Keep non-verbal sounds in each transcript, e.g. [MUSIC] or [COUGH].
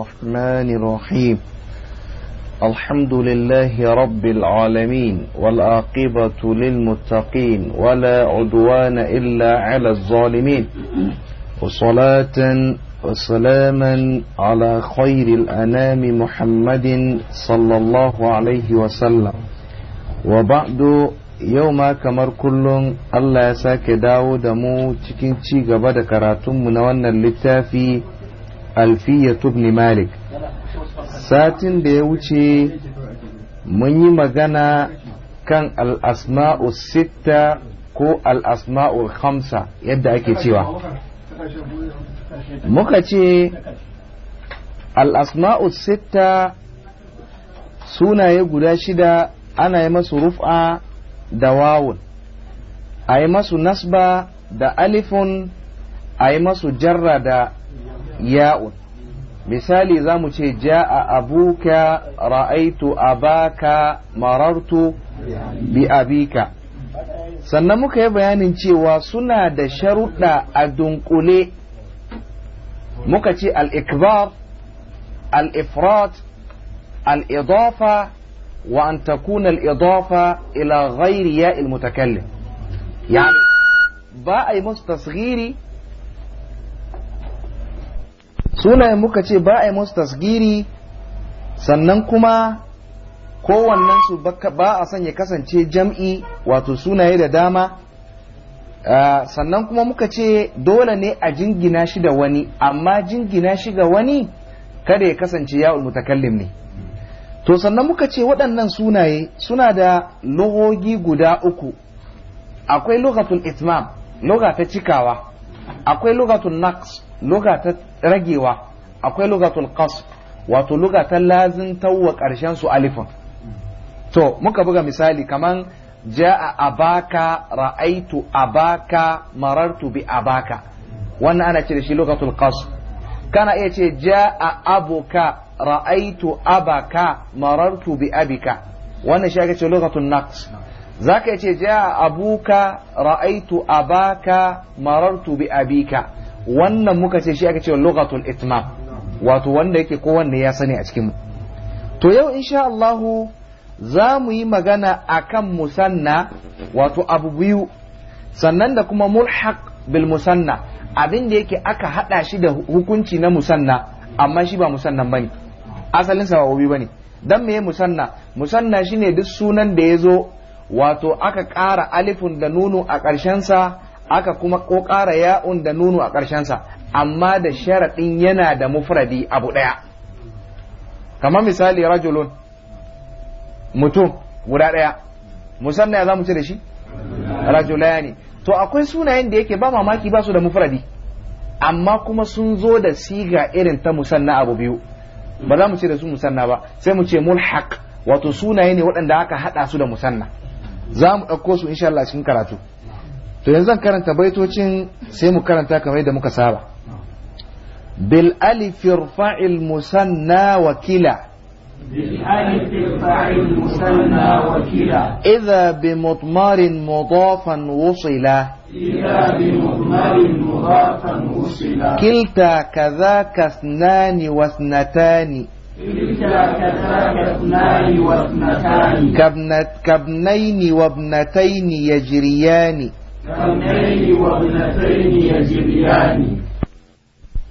الرحمن الرحيم الحمد لله رب العالمين والآقبة للمتقين ولا عدوان إلا على الظالمين وصلاة وسلاما على خير الأنام محمد صلى الله عليه وسلم وبعد يوم كمر كل الله ساك داود مو dawo da mu cikin ci alfiya tubni malik satin da ya wuce mun yi magana kan al'asma'u sitta ko al'asma'u hamsa yadda ake cewa muka ce al'asma'u sitta sunaye guda shida ana yi masu rufa da wawun a yi masu nasba da alifun a yi masu jarra da ya'un misali za mu ce ja'a abuka ra'aitu abaka marartu bi abika sannan muka yi bayanin cewa suna da sharuɗa a dunkule muka ce al-ikbar al-ifrat al-idafa wa an takuna al-idafa ila ghairi ya al-mutakallim yani ba a yi musu tasghiri sunayen muka ce ba a yi musu tasgiri sannan kuma kowannen su ba a son ya kasance jam'i wato sunaye da dama sannan kuma muka ce dole ne a jingina shi da wani amma jingina shi ga wani kada ya kasance ulmuta mutakallim ne to sannan muka ce waɗannan sunaye suna da lugogi guda uku akwai lugatun itmam luga ta cikawa akwai lugatun naqs luga ta ragewa akwai lugatul qasb wato luga ta lazin wa ƙarshen su alifin to muka buga misali kaman ja'a abaka ra'aitu abaka marartu bi abaka wannan ana ce da shi lugatul qasb kana iya ce ja'a abuka ra'aitu abaka marartu bi abika wannan shi ake ce lugatul naqs zaka iya ce ja'a abuka ra'aitu abaka marartu bi abika wannan muka ce shi aka ce lugatul itmam wato wanda yake kowanne ya sani a cikin mu to yau insha Allah za mu yi magana akan musanna wato abu biyu sannan da kuma mulhaq bil musanna abin da yake aka hada shi da hukunci na musanna amma shi ba musannan bane asalin sa ba bane dan meye musanna musanna shine duk sunan da ya zo wato aka ƙara alifun da nunu a ƙarshen sa. aka kuma ko ƙara ya'un da nunu a ƙarshensa amma da sharaɗin yana da mufradi abu ɗaya kamar misali rajulun mutum guda ɗaya musamman ya za mu ce da shi ne to akwai sunayen da yake ba mamaki ba su da mufradi amma kuma sun zo da siga irin ta musanna abu biyu ba za mu ce da su musanna ba sai mu ce mulhaq wato sunaye ne waɗanda aka haɗa su da musanna za mu ɗauko su insha Allah cikin karatu to yanzu zan karanta baitocin sai mu karanta kamar yadda muka saba bil alif irfa'il musanna wa kila بالألف ارفع المثنى وكلا إذا بمضمر مضافا وصلا إذا بمضمر مضافا وصلا كلتا كذاك اثنان واثنتان كلتا كذاك اثنان واثنتان كابنت كابنين وابنتين يجريان كابنين وابنتين يجريان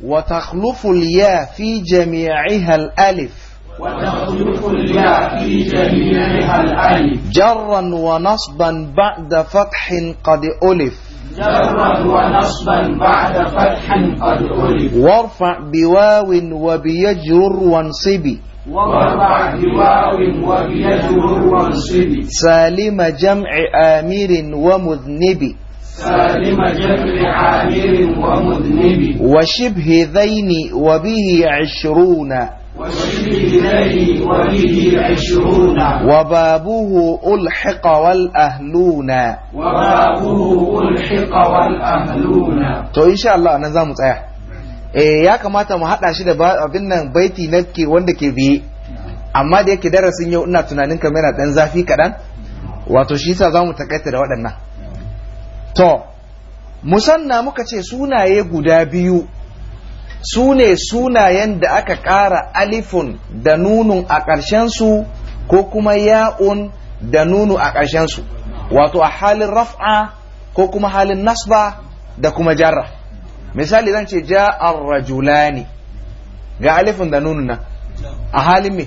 وتخلف الياء في جميعها الألف وتخلف الياء في جميعها الألف جرا ونصبا بعد فتح قد ألف جرا ونصبا بعد فتح قد ألف وارفع بواو وبيجر وانصبي وانصب سالم جمع آمير ومذنب سالم جمع آمير ومذنب وشبه ذين وبه عشرون وشبه وبه عشرون وبابه ألحق والأهلون وبابه ألحق والأهلون تو إن شاء الله نزام تأيه eh ya kamata mu haɗa shi da abin nan baiti na ke wanda ke biye amma da yake darasin yau ina tunanin kamar yana dan zafi kaɗan. wato shi za zamu takaita da waɗannan to musanna muka ce sunaye guda biyu su ne sunayen da aka ƙara alifun da nunun a ƙarshensu ko kuma ya'un da nunu a ƙarshensu wato a halin raf'a ko kuma halin nasba da kuma jarra misali zan ce ja arrajulani rajulani ga alifin da nunu na a halin me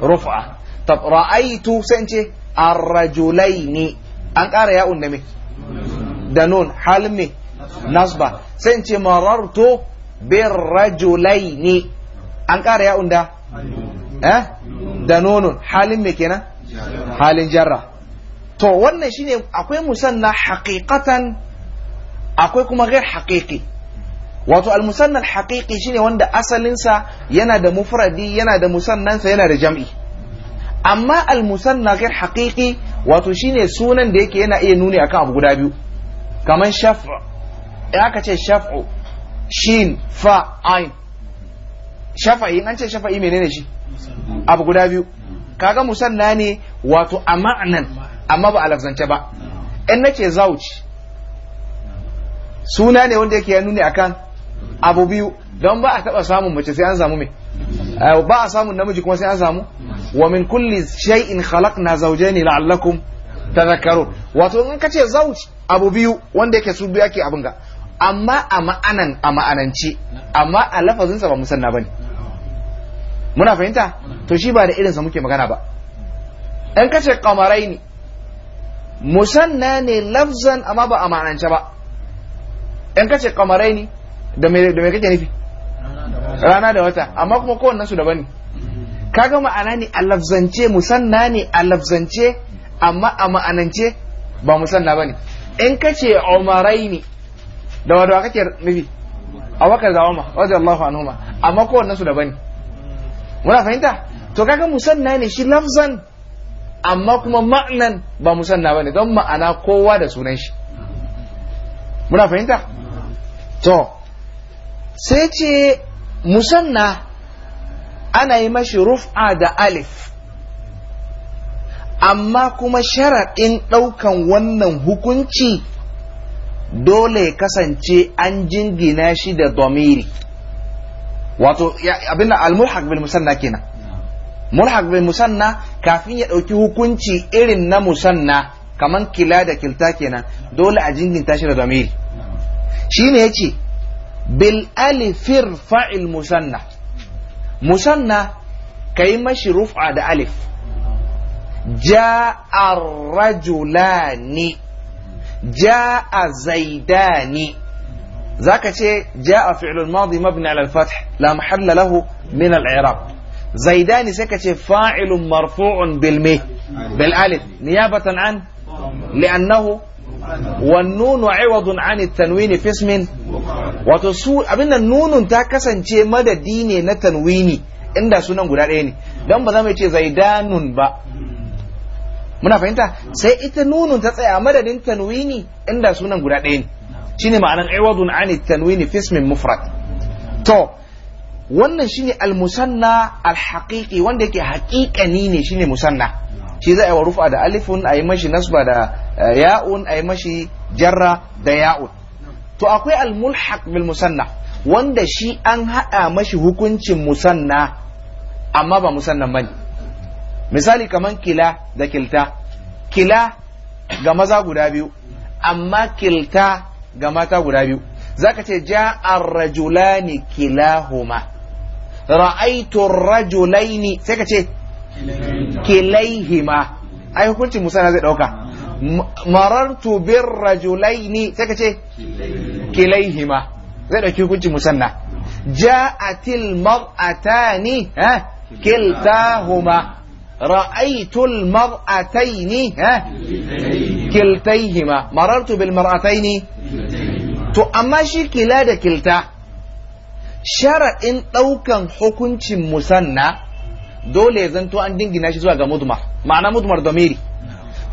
rufa tab ra'aitu sai ce ar-rajulaini an ƙara ya'un da me da nun halin me nasba sai ce marartu bir rajulaini an ƙara ya'un da eh da nunun halin me kenan halin jarra to wannan shine akwai musanna haqiqatan akwai kuma ghair haqiqi wato al haƙiƙi haqiqi shine wanda asalinsa yana da mufradi yana da musannansa yana da jam'i amma al-musanna ghair haqiqi wato shine sunan da yake yana iya nuni akan abu guda biyu kaman shaf'u in aka ce shaf'u shin fa ain shafa'i an ce shafa'i menene shi abu guda biyu kaga musanna ne wato a ma'anan amma ba a lafzance ba in nake zauci suna ne wanda yake ya nuni akan abu biyu don ba a taba samun mace sai an samu me eh, ba a samun namiji kuma sai an samu wa min kulli shay'in khalaqna zawjayn la'allakum tadhakkarun wato in kace zauj abu biyu wanda yake su biyu yake abin ga amma a ma'anan a ma'anance amma a lafazin sa ba musanna bane muna fahimta to shi ba da irin sa muke magana ba in kace qamaraini musanna ne lafzan amma ba a ma'anance ba in kace qamaraini da mai da me kake nufi rana da wata amma kuma kowannen su daban ne kaga ma'ana ne a lafzance musanna ne a lafzance amma a ma'anance ba musanna bane in kace umaraini da wadawa kake nufi abubakar da umar radiyallahu anhuma amma kowannen su daban ne muna fahimta to kaga musanna ne shi lafzan amma kuma ma'anan ba musanna bane don ma'ana kowa da sunan shi muna fahimta to sai ce musanna ana yi mashi rufa da alif amma kuma sharaɗin ɗaukan wannan hukunci dole ya kasance an jingina shi da domiri wato abin al-mulhaq bil musanna kenan mulhaq bil musanna kafin ya ɗauki hukunci irin na musanna kaman kila da kilta kenan dole a jinginta shi da domiri shine yace بالالف ارفع المثنى مثنى كي ماشي رفع ده الف جاء الرجلان جاء زيدان ذاك شيء جاء فعل الماضي مبني على الفتح لا محل له من الإعراب زيدان سكت فاعل مرفوع بالمي بالالف نيابة عن لأنه والنون عوض عن التنوين في اسم wato su abin nan nunun ta kasance madadi ne na tanwini inda sunan guda ɗaya ne don ba za mu ce zaidanun ba muna fahimta sai ita nunun ta tsaya madadin tanwini inda sunan guda ɗaya ne shine ma'anan iwadun ani tanwini fismin mufrad to wannan shine almusanna alhaqiqi wanda yake haqiqani ne shine musanna shi za a yi wa rufa da alifun a yi mashi nasba da eh, ya'un a yi mashi jarra da ya'un to akwai al-mulhaq bil musanna wanda shi an haɗa mashi hukuncin musanna amma ba musannan bane misali kaman kila da kilta kila ga maza guda biyu amma kilta ga mata guda biyu zaka ce ja'a rajulani kilahuma ra'aitu rajulaini sai ka ce kilaihima ai hukuncin musanna zai dauka marartu bir rajulaini sai ka ce kilaihima zai ɗauki hukunci musanna ja'atil mar'atani ha eh, kiltahuma ra'aytul mar'ataini ha eh, kiltaihima marartu bil mar'ataini to amma shi kila da kilta sharaɗin ɗaukan hukuncin musanna dole ya zanto an dingina shi zuwa ga mudmar ma'ana mudmar domiri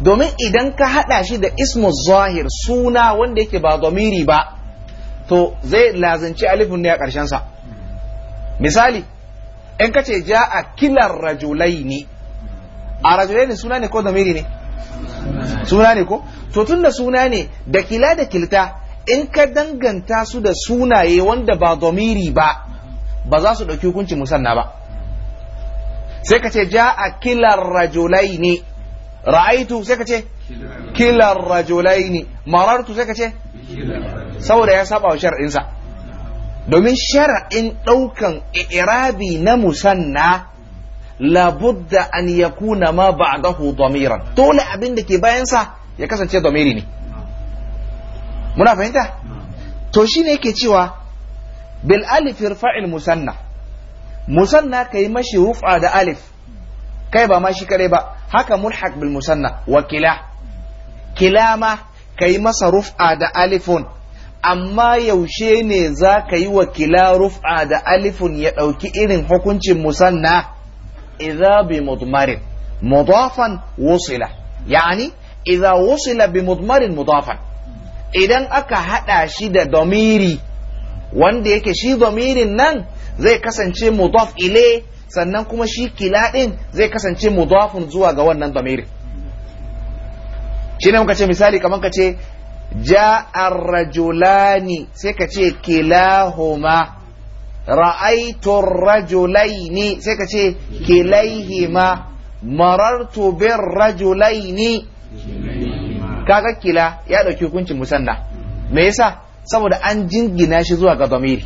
domin idan ka haɗa shi da ismu zahir suna wanda yake ba domiri ba to zai lazanci alifin ne a ƙarshen sa misali in ka ce ja a kilar rajulai ne a rajulai ne suna ne ko zamiri ne suna ne ko to tun da suna ne da kila da kilta in ka danganta su da sunaye wanda ba zamiri ba ba za su ɗauki hukuncin musanna ba sai ka ce ja a kilar rajulai ne ra'aitu sai ka ce kilar rajulai ne marartu sai ka ce saboda ya saba wa shar'insa domin shar'in ɗaukan irabi na musanna labudda an ya yakuna ma ba'dahu damiran dole abin da ke bayansa ya kasance domiri ne muna fahimta to shine yake cewa bil alif irfa'il musanna musanna kai mashi rufa da alif kai ba ma shi kare ba haka mulhaq bil musanna Wakila. kila ma. ka yi masa rufa da alifun amma yaushe ne za ka yi wakila rufa da alifun ya ɗauki irin hukuncin musanna idza bi mudmarin mudafan wusila yani idza wusila bi mudmarin mudafan idan aka haɗa shi da domiri wanda yake shi domirin nan zai kasance mudaf ile sannan kuma shi kila ɗin zai kasance mudafun zuwa ga wannan domirin shi ne muka ce misali kamar ka ce ja'ar rajulani sai ka ce kilahuma ra'aitun rajulaini sai ka ce kilaihima marartu bin rajulaini kaga kila ya ɗauki hukuncin musanna me yasa saboda an jingina shi zuwa ga zamiri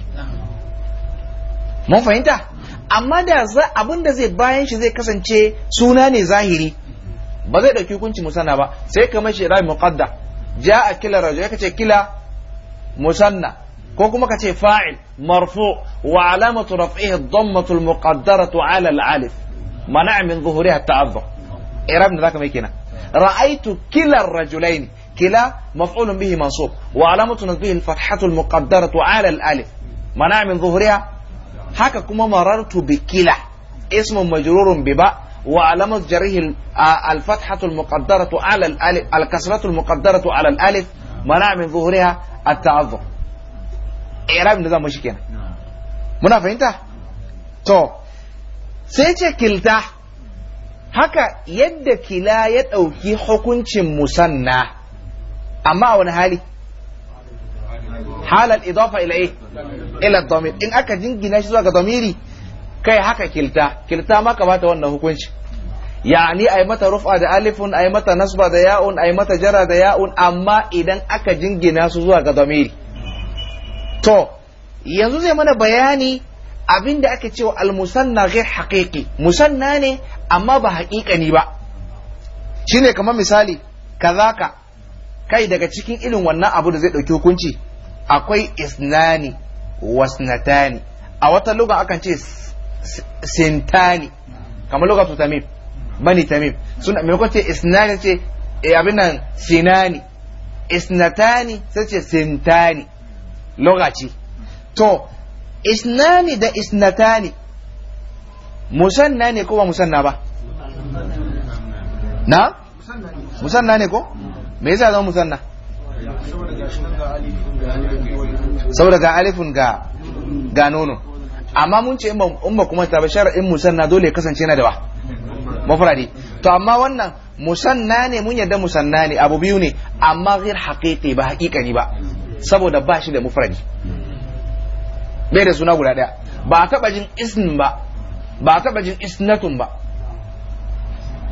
mun fahimta amma da abinda zai bayan shi zai kasance suna ne zahiri ba zai ɗauki hukunci musanna ba sai ka mai rai muqadda a kila rajul kace kila musanna ko kuma kace fa'il marfu wa alamatu raf'ihi ad-dammatu 'ala alif mana'a min zuhuriha at-ta'adhdhu i'rab da zaka mai kenan ra'aytu kila ar-rajulayn كلا مفعول به منصوب وعلامة نصبه الفتحة المقدرة على الألف منع من ظهورها هكا كما مررت بكلا اسم مجرور بباء وعلامة جره الفتحة المقدرة على الألف الكسرة المقدرة على الألف منع من ظهورها التعظم إعراب نظام مش كده muna fahimta to sai cakilta haka yadda kila ya ɗauki hukuncin musanna amma a wani hali halal idafa ila eh ila damir in aka jingina shi zuwa ga damiri kai haka kilta kilta ma ka bata wannan hukunci yani ai mata rufa da alifun ai mata nasba da ya'un ai mata jara da ya'un amma idan aka jingina su zuwa ga zamiri to yanzu zai mana bayani abin da aka cewa almusanna ghair haqiqi musanna ne amma ba haƙiƙani ba shine kamar misali kazaka kai daga cikin irin wannan abu da zai ɗauki hukunci akwai isnani wasnatani a wata lugan akan ce sintani kamar lokacin tamim bani tamim suna mai kwace isnani ce eh, abin nan sinani isnatani sai ce sintani lokaci to isnani da isnatani musanna ne ko ba musanna ba na musanna ne ko me yasa zama musanna saboda ga alifun ga ga nono amma mun ce in ba kuma ta ba in musanna dole kasance na da ba mafradi to amma wannan musanna ne mun yadda musanna ne abu biyu ne amma ghair haqiqi ba haqiqani ba saboda ba shi da mufradi bai da suna guda daya ba taba jin isn ba ba taba jin isnatun ba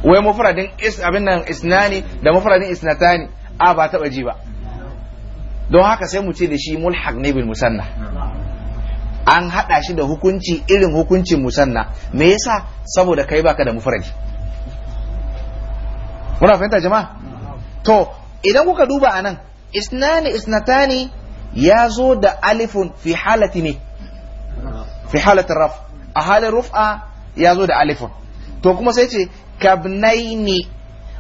wai mufradin is abin nan isnani da mufradin isnatani a ba taba ji ba don haka sai mu ce da shi mulhaq ne bil musanna an haɗa shi da hukunci irin hukuncin musanna me yasa saboda kai baka da mufradi muna fahimta jama'a to idan kuka duba anan isnani isnatani ya zo da alifun fi halati ne fi halatin raf a halin rufa ya zo da alifun to kuma sai ce kabnaini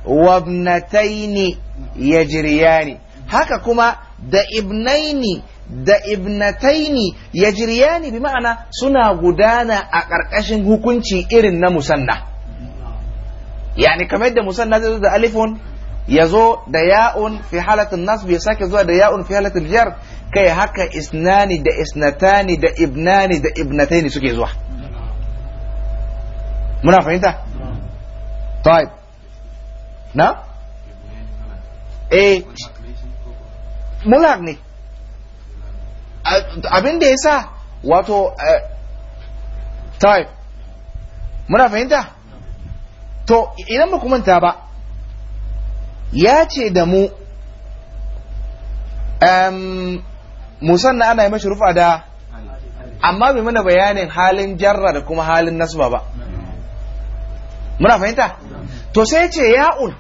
wabnataini ya jiriyani haka kuma da ibnaini da ibnataini yajriyani bi ma'ana suna gudana a ƙarƙashin hukunci irin na musanna yani kamar da musanna zai zo da alifun ya zo da ya'un fi halatin nasb ya sake zuwa da ya'un fi halatin jar kai haka isnani da isnatani da ibnani da ibnataini suke zuwa muna fahimta طيب na eh mulak abin da ya sa wato eh, time muna fahimta to idan ba manta ba ya ce da mu musan na ana yi mashi rufa da amma bai mana bayanin halin jarra da kuma halin nasba ba muna fahimta to sai ce ya'un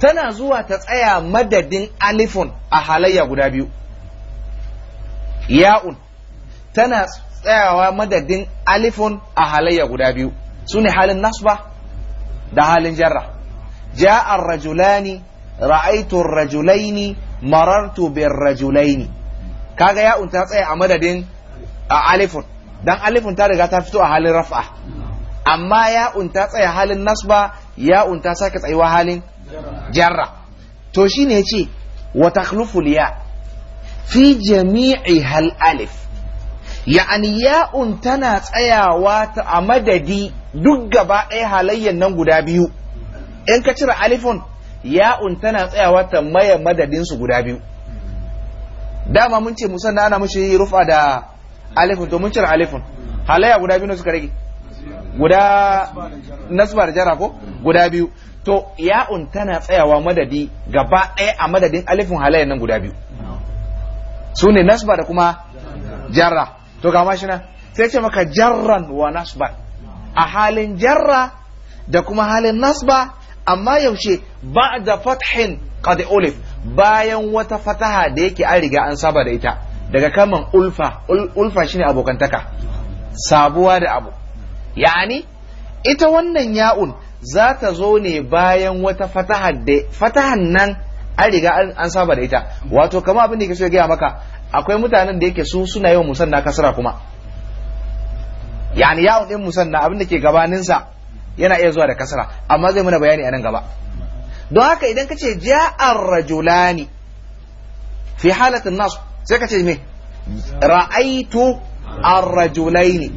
tana zuwa ta tsaya madadin alifun a halayya guda biyu ya'un tana tsayawa madadin alifun a halayya guda biyu su ne halin nasba da halin jarra ja'ar rajulani ra'aitun rajulaini marartu bin rajulaini kaga ya'un ta tsaya a madadin a alifun dan alifun ta riga ta fito a halin raf'a amma ya'un ta tsaya halin nasba ya'un ta sake tsayuwa halin jarra to shi ne ce wa takhluful liya. fi jami'i hal alif ya'ani ya'un tana tsayawa ta a madadi duk gaba ɗaya halayyar nan guda biyu in ka cire alifun ya'un tana tsayawa ta maye madadinsu guda biyu dama mun ce musanna ana mushi rufa da alifun to mun cire alifun halayya guda biyu ne suka rage guda nasba da jara ko guda biyu to ya'un tana tsayawa madadi gaba ɗaya a madadin alifun halayyar nan guda biyu su ne nasba da kuma jarra to ga mashi sai ce maka jarran wa nasba. a halin jarra da kuma halin nasba amma yaushe ba da fathin qad ulif bayan wata fataha da yake an riga an saba da ita daga kaman ulfa ulfa shine abokantaka sabuwa da abu yani ita wannan ya'un za ta zo ne bayan wata fataha da fatahan nan an riga an saba da ita wato kama abin da yake so ya gaya maka akwai mutanen da yake su suna yawan musanna kasara kuma yani yawon din musanna abin da ke gabaninsa yana iya zuwa da kasara amma zai muna bayani a nan gaba don haka idan ka ce ja'ar rajulani fi halatin nasu sai ka ce me ra'aitu ar-rajulaini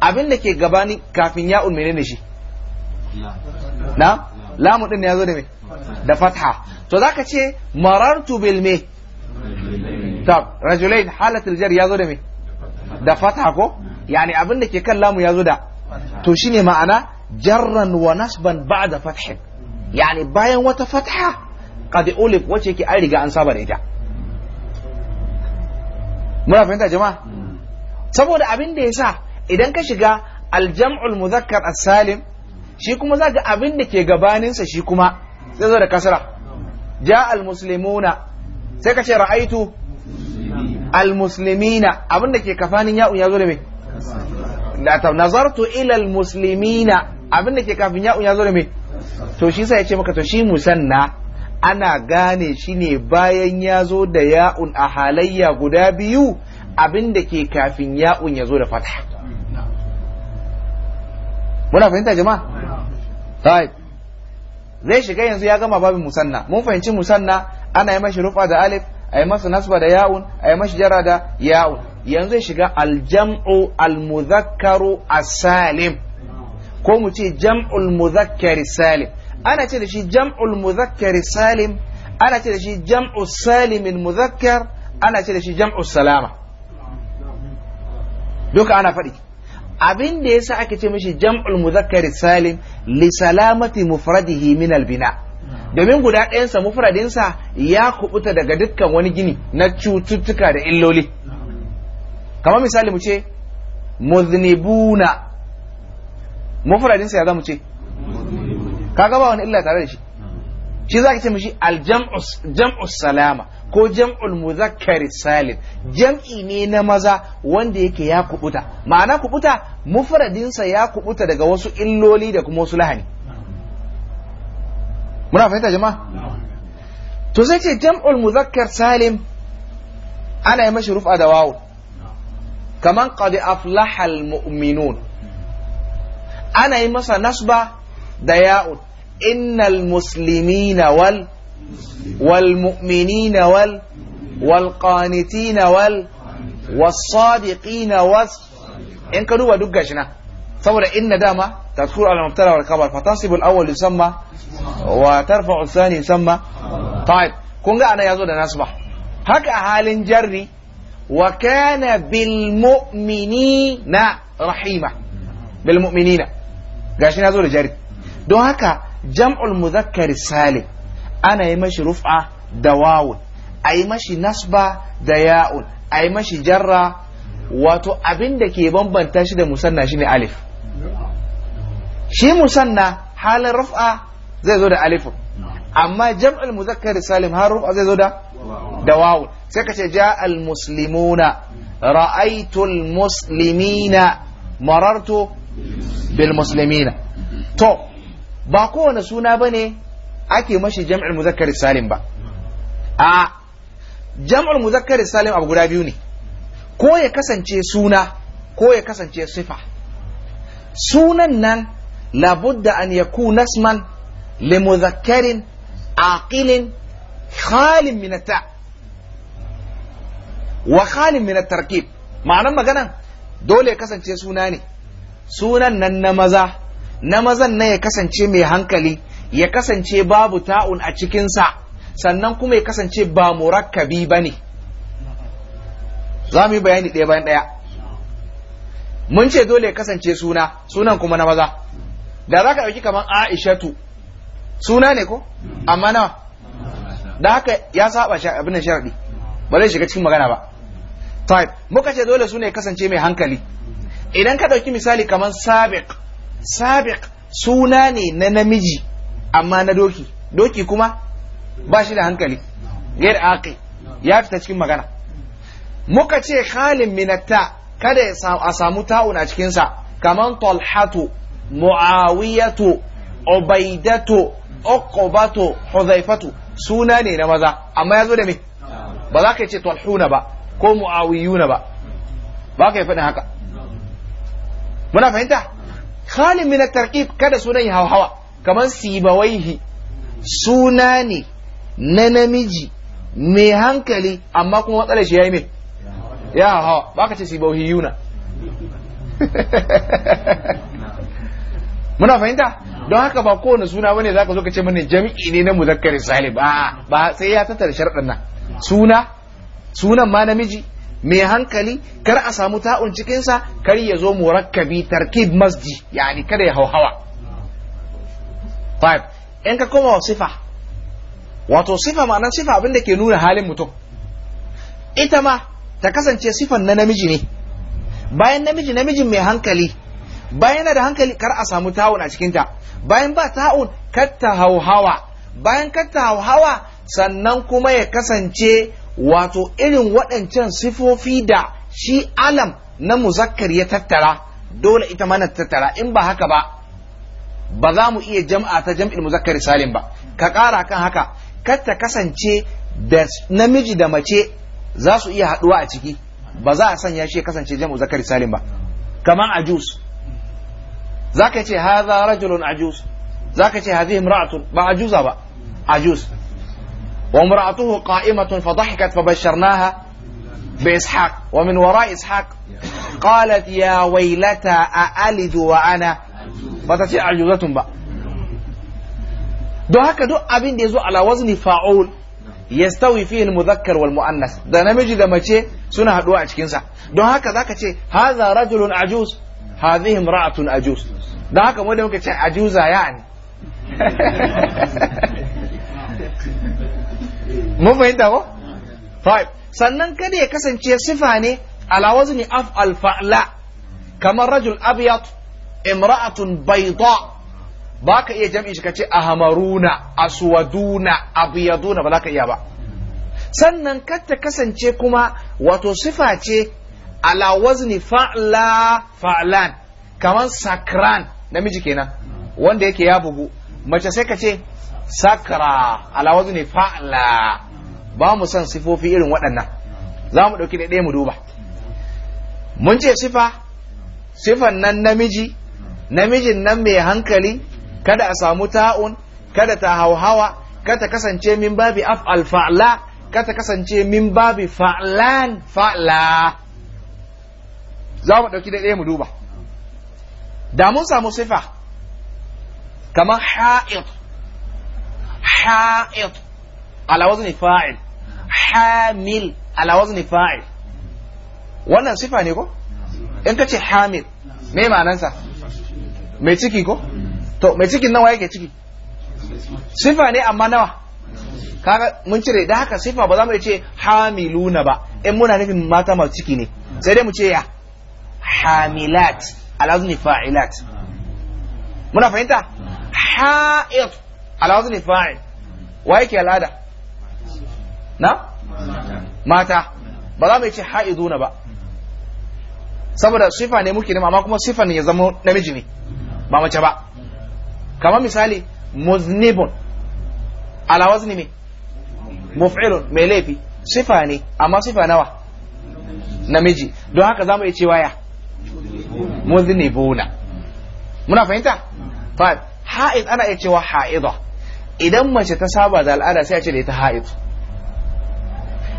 abin da ke gabani kafin ya'un menene shi na lamu din ya zo da me da fatha to zaka ce marartu bil me tab rajulain halatul jar yazo da me da fatha ko yani abin ke kan lamu yazo da to shine ma'ana jarran wa nasban ba'da fathin yani bayan wata fatha qad ulif wace ke an riga an saba da ita muna fahimta jama'a saboda abin da yasa idan ka shiga aljam'ul muzakkar as-salim shi kuma zaga abin da ke gabaninsa shi kuma sai zo da kasra ja almuslimuna sai ka ce ra'aitu almuslimina abinda ke kafanin ya'un ya zo da mai. nazartu ila almuslimina abinda ke kafin ya'un ya zo da mai. to shi sai ya ce maka to shi musanna ana gane shi ne bayan ya zo da ya'un a halayya guda biyu abinda ke kafin ya'un ya zo da fata muna fahimta jama'a zai shiga yanzu ya gama babin musanna mun fahimci musanna ana yi mashi rufa da alif a yi masa nasba da ya'un a yi mashi jara da ya'un yanzu ya shiga aljam'u almuzakkaru as-salim ko mu ce jam'ul muzakkari salim ana ce da shi jam'ul muzakkari salim ana ce da shi jam'u salimin muzakkar ana ce da shi jam'u salama duka ana faɗi abin da yasa ake ce mishi jam'ul muzakkar salim li salamati mufradihi min albina domin guda mufradin sa ya kubuta daga dukkan wani gini na cututtuka da illoli kamar misali mu ce muznibuna sa ya zamu ce kaga ba wani illa tare da shi shi za ce mishi aljam'us salama ko jam'ul muzakkar salim jam'i ne na maza wanda yake ya kubuta ma'ana kubuta mufradinsa ya kubuta daga wasu illoli da kuma wasu lahani muna fahimta jama'a to sai ce jam'ul muzakkar salim ana yi mashi rufa da wawo kaman qad aflaha almu'minun ana yi masa nasba da ya'ud innal muslimina wal والمؤمنين وال والقانتين وال والصادقين وال in ka duba duk gashi nan saboda inna dama tazkur al mubtala wal khabar fatasibu al awwal yusamma wa tarfa'u thani yusamma kun ga ana yazo da nasba haka halin jarri wa kana bil mu'minina rahima da jarri don haka jam'ul muzakkar ana yi mashi rufa da wawun a yi mashi nasba da ya'un a yi mashi jarra wato abin da ke bambanta shi da musanna shine alif shi musanna halin rufa zai zo da alifin amma jam'al muzakkar salim har rufa zai zo da da wawun sai ka ce al muslimuna ra'aitul muslimina marartu bil muslimina to ba kowane suna bane ake mashi jam'ul muzakkar salim ba a jam'ul muzakkar salim abu guda biyu ne ko ya kasance suna ko ya kasance sifa sunan nan labudda an ku nasman li muzakkarin aqilin khalin min wa khalin min tarkib ma'anar maganan dole ya kasance suna ne sunan nan na maza na mazan na ya kasance mai hankali ya kasance babu ta'un a cikinsa sannan kuma ya kasance ba murakkabi ba ne za mu yi bayani ɗaya bayan ɗaya mun ce dole ya kasance suna sunan kuma na maza da za ka ɗauki kamar aishatu suna ne ko amma nawa da haka ya saba abin da sharaɗi ba zai shiga cikin magana ba type muka ce dole suna ya kasance mai hankali idan ka ɗauki misali kamar sabiq sabiq suna ne na namiji amma na doki doki kuma ba shi da hankali gair aqi ya fita cikin magana muka ce khalin minatta kada a samu ta'un a cikinsa kaman talhatu mu'awiyatu ubaidatu uqbatu huzaifatu suna ne na maza amma ya zo da me ba za ka ce talhuna ba ko mu'awiyuna ba ba ka yi faɗin haka muna fahimta khalin minatta kada sunan ya hawa kamar sibawaihi suna ne na namiji mai hankali amma kuma matsalar shi ya yi mai ya hawa ba ka ce sibawaihi yuna [LAUGHS] muna fahimta don haka ba kowane suna bane ka zo ka ce mana jami'i ne na muzakkar salib ba sai ya tattara sharɗin nan suna sunan ma namiji mai hankali kar a samu ta'un cikinsa kar ya zo mu murakkabi tarkib masji yani kada ya hauhawa طيب in ka koma wa sifa wato sifa ma'ana sifa abin da ke nuna halin mutum ita ma ta kasance sifan na namiji ne bayan namiji namijin mai hankali bayan da hankali kar a samu ta'un a cikinta bayan ba ta'un ta hauhawa bayan kar ta hauhawa sannan kuma ya kasance wato irin waɗancan sifofi da shi alam na muzakkar ya tattara dole ita mana tattara in ba haka ba ba za mu iya jam'a ta jam'il muzakkari salim ba ka ƙara kan haka kar ta kasance da namiji da mace za su iya haɗuwa a ciki ba za a sanya shi ya kasance jam'u zakari salim ba kamar ajus za ka ce haza rajulun ajus za ka ce hazihi imra'atun ba ajuza ba ajus wa imra'atuhu qa'imatun fa dhahikat fa basharnaha bi ishaq wa min wara ishaq qalat ya waylata a alidu wa ana ba ta ce ajuzatun ba don haka duk abin da ya zo ala wazni fa'ul yastawi fiye na muzakkar wal mu'annas da namiji da mace suna haɗuwa a cikinsa. don haka za ka ce hadha rajulun ajuz hadhihi imra'atun ajuz don haka mu da muka ce ajuza ne [LAUGHS] mun fahimta ko sannan kada ya kasance sifa ne ala af af'al fa'la kamar rajul abyad imra'atun bayda baka ka iya jami'i shi ka ce aswaduna abyaduna ba za iya ba sannan kar ta kasance kuma wato sifa ce ala wazni fa'la fa'lan kamar sakran namiji kenan wanda yake ya bugu mace sai ka ce sakra ala wazni fa'la ba mu san sifofi irin waɗannan za mu ɗauki ɗaya mu duba mun ce sifa sifan nan namiji namijin nan mai hankali kada a samu ta'un kada ta hauhawa kada kasance min babi af'al fa'la kada kasance min babi fa'lan fa'la za mu ɗauki ɗaya mu duba da mun samu sifa kamar ha'id ha'id ala wazni fa'il hamil ala wazni fa'il wannan sifa ne ko in ka ce hamil me ma'anansa mai ciki ko to mai cikin nawa yake ciki sifa ne amma nawa kaga mun cire da haka sifa ba za mu ce hamiluna ba in muna nufin mata masu ciki ne sai dai mu ce ya hamilat alazni fa'ilat muna fahimta ha'id alazni fa'il wa yake al'ada na mata ba za mu ce ha'iduna ba saboda sifa ne muke nema amma kuma sifa ne ya zama namiji ne ba mace ba kamar misali muznibun ala wazni me muf'ilun mai laifi sifa ne amma sifa nawa namiji don haka zamu iya cewa ya muznibuna muna fahimta fa ha'id ana iya cewa ha'ida idan mace ta saba da al'ada sai a ce da ita ha'id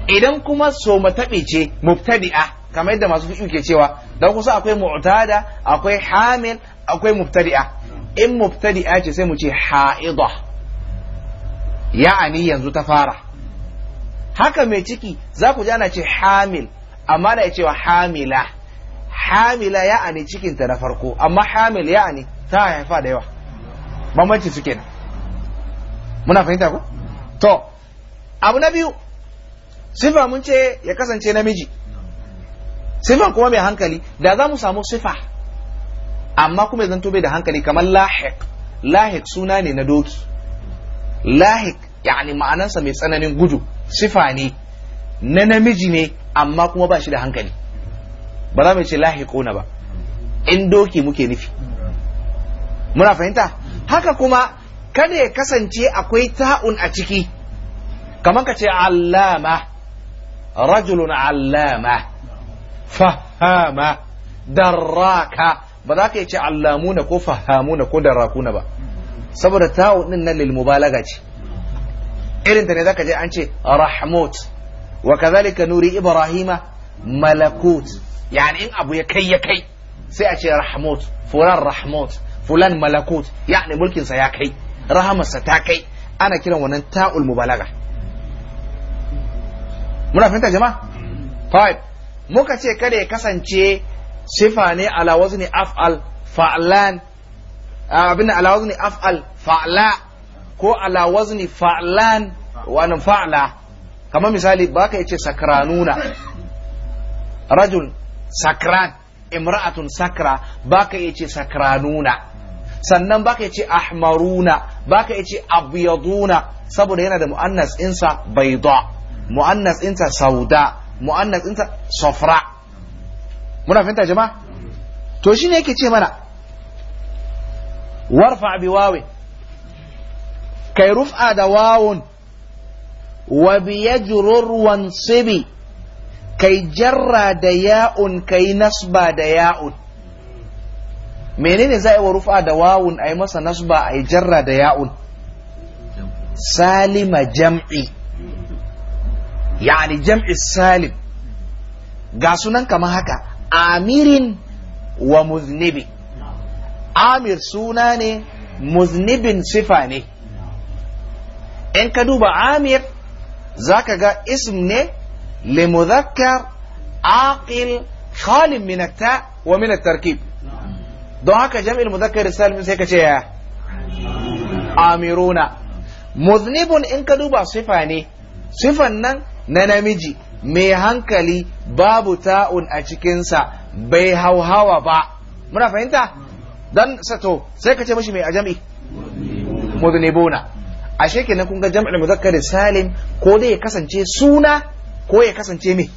idan kuma so mataɓe ce mubtadi'a kamar yadda masu fiƙi ke cewa don kusa akwai mu'tada akwai hamil akwai mubtadi'a in mubtadi'a ce sai mu ce ha'ida ya'ani yanzu ta fara haka mai ciki za ku ji ce hamil amma na cewa hamila hamila ya'ani cikinta na farko amma hamil ya'ani ta haifa da yawa bambanci su kenan muna fahimta ko to abu na biyu sifa mun ce ya kasance namiji sifan kuma mai hankali da za mu samu sifa amma kuma zanto bai da hankali kamar lahik. Lahik suna ne na doki lahiq yani ma'anansa mai tsananin gudu sifa ne na namiji ne amma kuma ba shi da hankali ba za mu ce lahiquna ba in doki muke nufi muna fahimta haka kuma kada ya kasance akwai ta'un a ciki kamar ka ce allama rajulun allama fahama darraka ba za ka yi ce allamuna ko fahamuna ko darrakuna ba saboda tawo din nan lil mubalaga ce irin ta ne zaka je an ce rahmut wa kazalika nuri ibrahima malakut yani in abu ya kai ya kai sai a ce rahmut fulan rahmut fulan malakut yani mulkin sa ya kai rahamarsa ta kai ana kiran wannan ta'ul mubalaga muna fahimta jama'a muka ce kada ya kasance sifa ne ala wazni af'al fa'lan abin ala wazni af'al fa'la ko ala wazni fa'lan wani fa'la kamar misali baka yace sakranuna rajul sakran imra'atun sakra baka yace sakranuna sannan baka yace ahmaruna baka yace abyaduna saboda yana da mu'annas insa bayda mu'annas insa sauda mu'annas ɗinta sofra muna fahimta jama'a to shine yake ce mana warfa bi wawe kai rufa da wawun wa bi yajrur wansibi kai jarra da ya'un kai nasba da ya'un menene za a yi wa rufa da wawun a yi masa nasba a jarra da ya'un salima jam'i yani jam'i salim ga sunan kamar haka amirin wa muznibi amir suna ne muznibin sifa ne in ka duba amir za ka ga ism ne limuzakkar aqil khalin minatta wa minat tarkib don haka jam'il muzakkar salim sai ka ce ya amiruna Muznibin in ka duba sifa ne sifan nan na namiji mai hankali babu ta'un a cikinsa bai hauhawa ba muna fahimta dan sato sai ka ce mashi mai a jam'i mudnibuna a kenan kun ga jam'ul muzakkar salim ko dai ya kasance suna ko ya kasance mai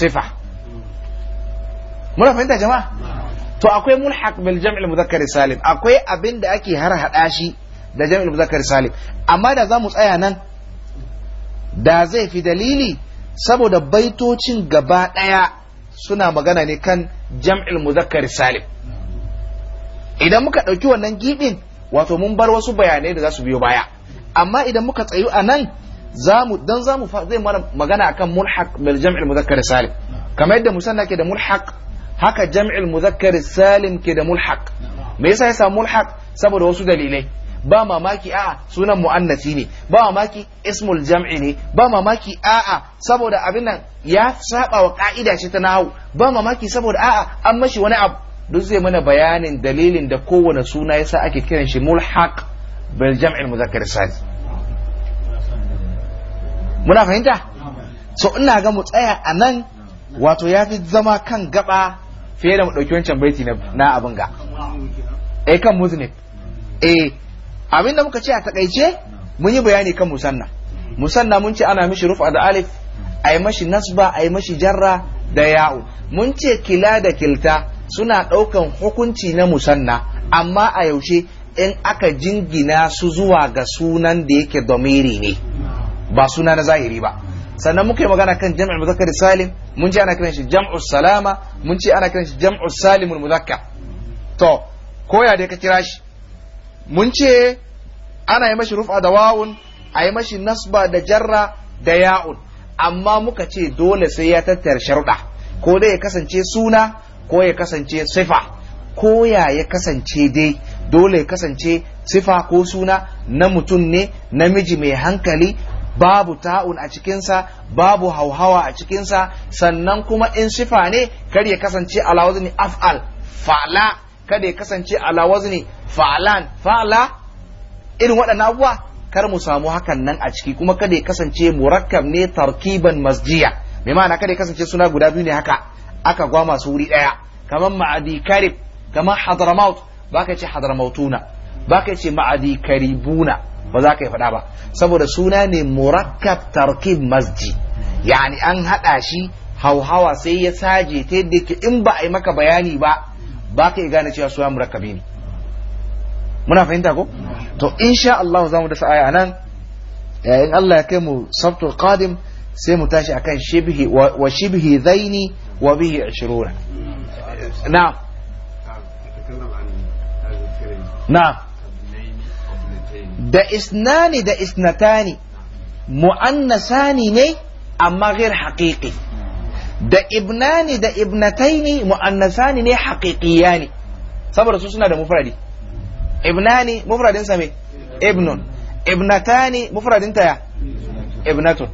sifa muna fahimta jama'a to akwai mulhaq bil jam'il muzakkar salim akwai abin da ake har hada shi da jam'il muzakkar salim amma da za mu tsaya nan da zai fi dalili saboda baitocin gaba ɗaya suna magana ne kan jam'il muzakkar salim idan muka ɗauki wannan giɓin wato mun bar wasu bayanai da za su biyo baya amma idan muka tsayu a nan zamu dan zamu zai mara magana akan mulhaq bil jam'il muzakkar salim kamar yadda musanna ke da mulhaq haka jam'il muzakkar salim ke da mulhaq me yasa ya samu mulhaq saboda wasu dalilai ba mamaki a'a sunan mu'annasi ne ba mamaki ismul jam'i ne ba mamaki a'a saboda abin nan ya saba wa ka'ida ce ta nahu ba mamaki saboda a'a an mashi wani abu duk zai mana bayanin dalilin da kowane suna yasa ake kiran shi mulhaq bil jam'il muzakkar salis muna fahimta so ina ga mu tsaya anan wato ya fi zama kan gaba fiye da mu ɗauki wancan baiti na abin ga eh kan muzni eh abin da muka ce a takaice mun yi bayani kan musanna musanna mun ce ana mishi rufa da alif a yi mashi nasba a yi mashi jarra da ya'u mun ce kila da kilta suna ɗaukan hukunci na musanna amma a yaushe in aka jingina su zuwa ga sunan da yake domiri ne ba suna na zahiri ba sannan muka yi magana kan Jam'iar muzakkar salim mun ce ana kiran shi jam'u salama mun ce ana kiran shi jam'u salimul muzakkar to koya ya ka kira shi mun ce ana yi mashi rufa da wawun a yi mashi nasba da jarra da ya'un amma muka ce dole sai ya tattara sharuɗa ko dai ya kasance suna ko ya kasance sifa ko ya ya kasance dai dole ya kasance sifa ko suna na mutum ne namiji mai hankali babu ta'un a cikinsa babu hauhawa a cikinsa sannan kuma in sifa ne kar ya kasance ala af'al fa'la kada ya kasance ala Falan. fa'ala irin waɗannan abubuwa kar mu samu hakan nan a ciki kuma kada ya kasance murakkab ne tarkiban masjiya mai ma'ana kada ya kasance suna guda biyu ne haka aka gwama su wuri ɗaya kamar ma'adi karib kamar hadramaut ka ce hadramautuna ka ce ma'adi karibuna ba za ka yi faɗa ba saboda suna ne murakkab tarkib masji yani an haɗa shi hauhawa sai ya saje ta yadda in ba a yi maka bayani ba ba ka gane cewa suna murakkabi ne muna fahimta ko to insha Allah zamu dasa aya nan yayin Allah ya kai mu sabtul qadim sai mu tashi akan shibhi wa shibhi zaini wa bihi 20 na'am na'am da isnani da isnatani mu'annasani ne amma ghair haqiqi da ibnani da ibnataini mu'annasani ne haqiqiyani saboda su suna da mufradi ibnani mufradin sa me ibnun ibnatani mufradin ta ya ibnatun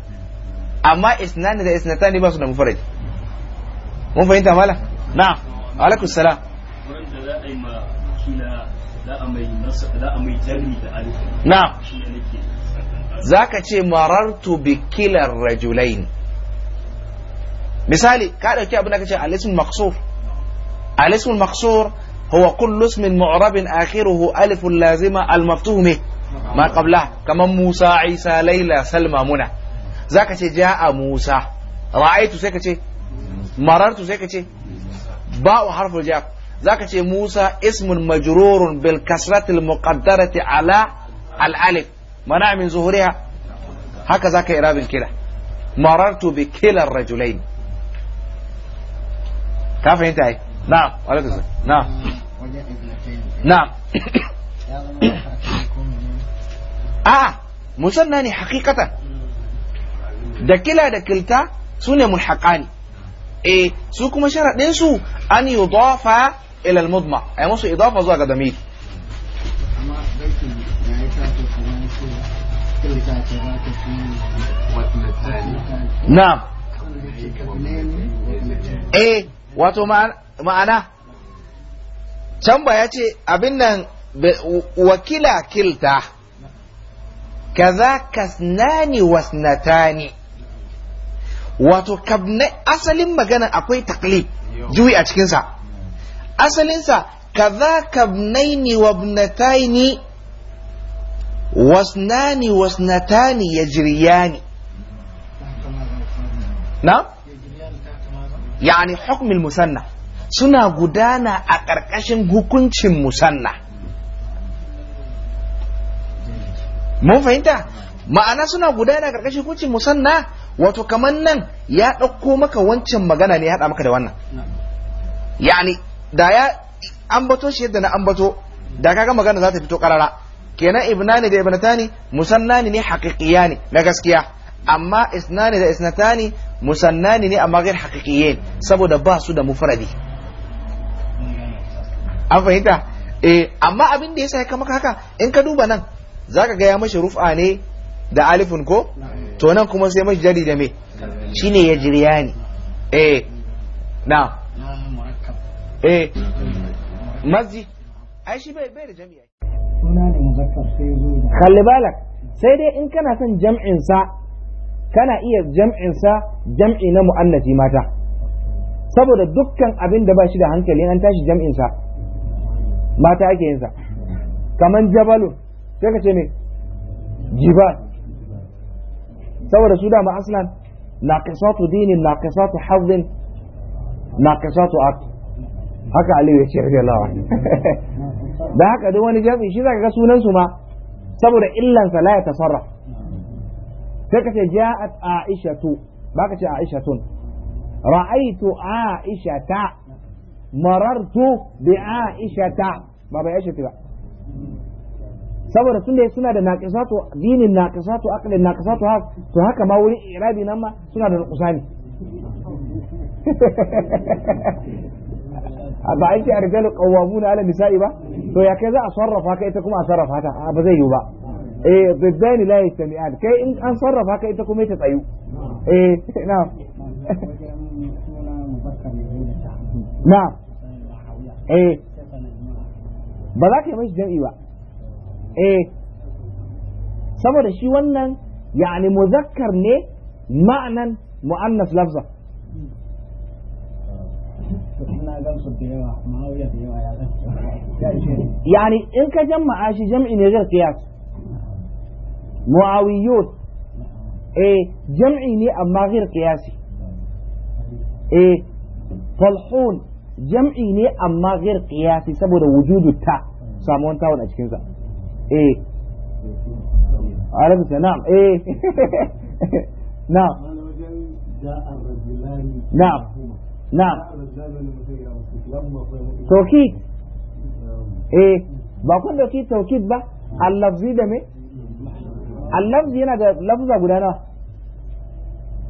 amma isnani da isnatani ba su da mufradi mun fahimta mala na'am alaikum salam wanda za a yi ma kila za a mai za da zaka ce marartu bi kilar rajulain misali ka dauki abin da kace al-ism maqsur al-ism maqsur هو كل اسم معرب آخره ألف لازمة المفتوح مه ما قبلها كما موسى عيسى ليلى سلمى منى ذاك جاء موسى رأيت سيك مررت سيك باء حرف الجاب ذاك موسى اسم مجرور بالكسرة المقدرة على الألف منع من ظهورها هكذا كإراب الكلى مررت بكلا الرجلين كيف انتهي نعم ولا نعم نعم [COUGHS] آه مسناني حقيقة دا كلا دا كلتا سنة ملحقاني إيه سوكم شرع ننسو أن يضاف إلى المضمع أي مصر إضافة زوى قدمين نعم ايه wato ma'ana can ba ya ce abin nan wakila kilta kaza kasnani wasnatani wato kabna asalin magana akwai taklif juyi a cikinsa asalinsa kaza kabnaini wabnataini wasnani wasnatani ya jiriyani na? yani hukmin musanna suna gudana a ƙarƙashin hukuncin musanna mun fahimta ma'ana suna gudana a ƙarƙashin hukuncin musanna wato kamar nan ya ɗauko maka wancan magana ne ya haɗa maka da wannan yani da ya ambato shi yadda na ambato da kaga magana za ta fito ƙarara kenan ibnani da ibnatani musannani ne haƙiƙiya ne na gaskiya amma isnani da isnatani musannani ne amma gair haqiqiyin saboda ba su da mufradi an fahimta eh, amma abin da yasa ya kama haka in ka duba nan za ka gaya mashi rufa ne da alifin ko to nan kuma sai mashi jari da me ne ya jiriya ne eh na eh mazi ai shi bai da jami'a kalli balak sai dai in kana son jam'in sa kana iya jam'insa jam'i na mu'annati mata saboda dukkan abin da ba shi da hankali an tashi jam'insa mata ake yinsa kaman jabalun sai ka ce ne jibal saboda su da dini, naqisatu kasatu naqisatu na naqisatu aql haka aliyu ya ce radiyallahu lawa. [LAUGHS] da haka duk wani jam'i shi zaka ga sunan su ma saboda illansa la ya tasarrafa sai ka ce ja'at aishatu ba ka ce aishatun ra'aitu aishata marartu bi aishata ba bai aishatu ba saboda tunda suna da naqisatu dinin naqisatu aqlin naqisatu to haka ma wurin irabi nan ma suna da nuqsani [LAUGHS] ba an ce arjalu qawwamuna ala nisa'i ba to ya kai za a sarrafa ka ita kuma a sarrafa ta ba zai yiwu ba eh biddani la yastami'an kai in an sarrafa ka ita kuma ta tsayu eh, eh. ba za ka yi mashi jam'i ba eh. saboda shi wannan yani muzakkar ne ma'anan mu'annas lafza yani in ka jamma'a shi jam'i ne zai qiyas معاويوت إيه جمعي لي أما غير قياسي إيه طلحون جمعي لي أما غير قياسي سبب وجود التاء سامون تاء ولا أجكنزا إيه عرفت نعم إيه [LAUGHS] نعم نعم نعم توكيد إيه باكون توكيد توكيد با اللفظي ده مين al yana da lafza guda nawa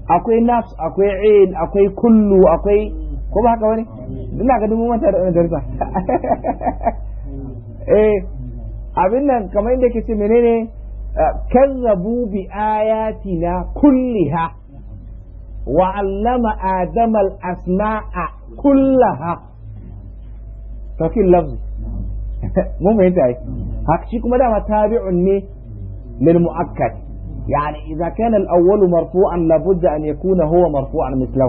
akwai nafs akwai ain akwai kullu akwai ko ba haka wani ina ga dubu manta da darsa [LAUGHS] eh abin nan kamar inda kace menene kazzabu bi ayatina kulliha wa allama adama al-asma'a kullaha to kin lafzi [LAUGHS] mun fahimta ai haka shi kuma dama tabi'un ne للمؤكد يعني إذا كان الأول مرفوعا لابد أن يكون هو مرفوعا مثله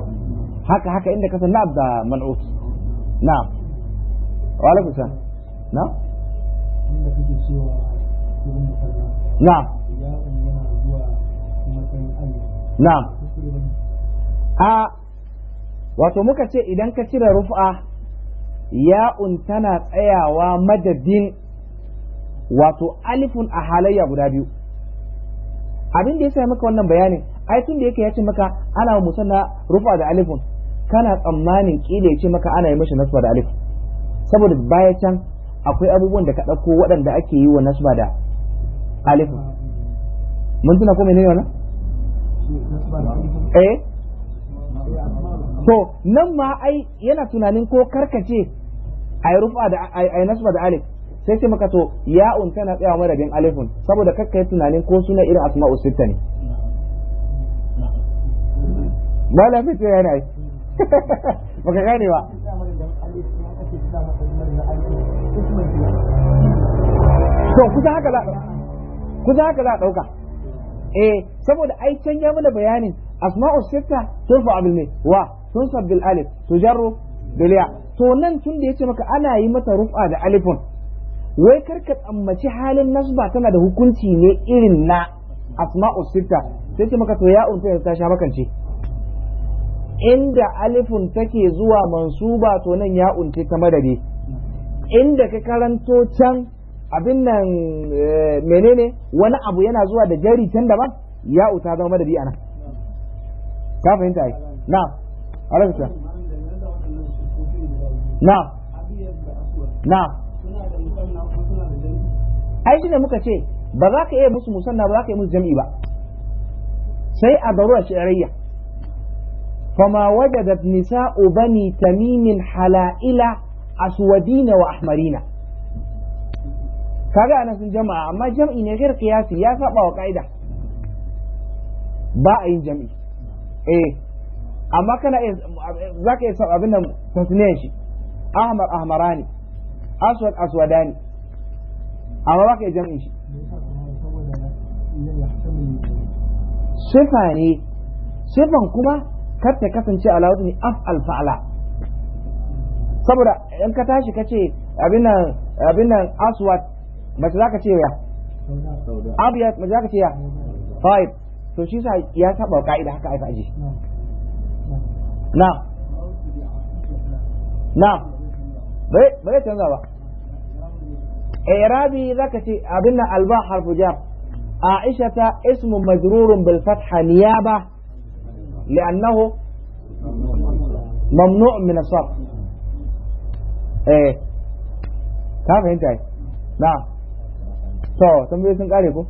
هكا هكا إنك سنعب ده منعوس نعم وعليك السلام نعم نعم نعم a wato muka ce idan ka cire rufa ya'un tana tsayawa madadin wato alifun a halayya guda biyu abin da yasa maka wannan bayanin ai tun da yake ya ce maka ana musanna rufa da alifun kana tsammanin kila ya ce maka ana yi mishi nasba da alif saboda baya can akwai abubuwan da ka ɗauko waɗanda ake yi wa nasba da alif mun tuna ko menene wannan eh to nan ma ai yana tunanin ko karkace ai rufa da ai nasba da alif sai ce maka to ya'un tana tsayawa madadin alifun saboda kakka yi tunanin ko suna irin asma'u sitta ne malam fi tsaye yana yi baka gane ba to kusan haka za kusa haka za dauka eh saboda ai can ya mana bayanin asma'u sitta turfa abul ne, wa tunsab bil alif tujarru bil ya to nan tun da yace maka ana yi mata rufa da alifun wai karka tsammaci halin nasba tana da hukunci ne irin na asma'u sitta sai ce maka to ya unta ta sha makance inda alifun take zuwa mansuba to nan ya unta ta madade inda ka karanto can abin nan eh, menene wani abu yana zuwa da jari can da ba ya uta zama madadi anan ka fahimta ai na alaikum na na ai ne muka ce ba za ka iya musu musanna ba za ka iya musu jami'i ba sai a darura shi'ariyya fama wajadat nisa'u bani tamimin hala'ila aswadina wa ahmarina kaga ana sun jama'a amma jam'i ne ghair kiyasi ya saba wa ka'ida ba a yin jam'i eh amma kana ka iya abin nan tasniyan shi ahmar ahmarani aswad aswadani amma ba ka yi shi sifa ne sifan kuma kar ta kasance alawudu ne af alfa'ala saboda in ka tashi ka ce abin nan aswat mace ka ce ya abiyat mace za ka ce ya fa'id to shi sa ya saba ka'ida haka aka aje na na bai bai canza ba i'rabi zaka ce abin nan alba harfu jar aisha ta ismu majrurun bil fatha niyaba li'annahu mamnu' min as-sarf eh ka fahimta na to tambaye sun kare ko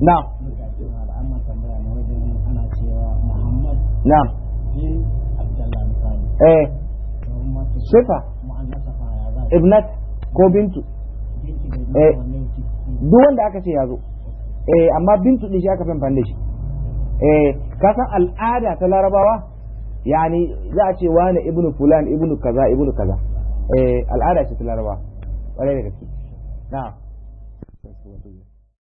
na na eh sifa ko bintu eh duk wanda aka ce ya zo eh amma bintu din shi aka fi da shi eh ka san al'ada ta larabawa yani za a ce wani ibnu fulan ibnu kaza ibnu kaza eh al'ada ce ta larabawa ƙwarai da gaske na'am